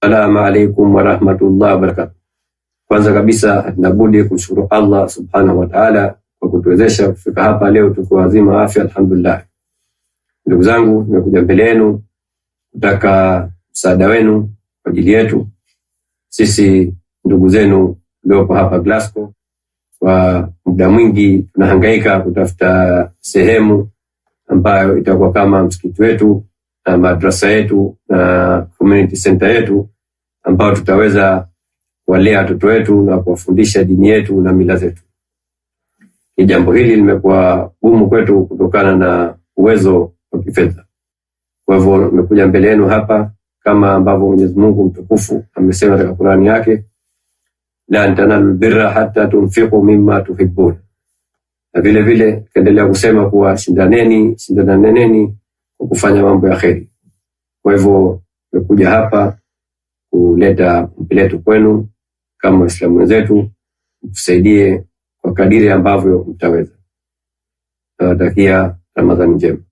Assalamu alaikum warahmatullahi wabarakatu. Kwanza kabisa nabudi kumshukuru Allah subhanahu wataala kwa kutuwezesha kufika hapa leo tuko wazima afya, alhamdulillah. Ndugu zangu, nimekuja mbele yenu kutaka msaada wenu kwa ajili yetu sisi ndugu zenu uliopo hapa Glasgow. Kwa muda mwingi tunahangaika kutafuta sehemu ambayo itakuwa kama msikiti wetu Uh, madrasa yetu na uh, community center yetu ambayo tutaweza kuwalea watoto wetu na kuwafundisha dini yetu na mila zetu. Ni jambo hili limekuwa gumu kwetu kutokana na uwezo wa kifedha. Kwa hivyo nimekuja mbele yenu hapa kama ambavyo Mwenyezi Mungu mtukufu amesema katika Qur'ani yake, la tanalul birra hatta tunfiqu mimma tuhibbun, na vile vile kaendelea kusema kuwa shindaneni, shindananeneni kwa kufanya mambo ya heri. Kwa hivyo tumekuja hapa kuleta mpiletu kwenu kama Waislamu wenzetu, mtusaidie kwa kadiri ambavyo mtaweza. Nawatakia Ramadhani njema.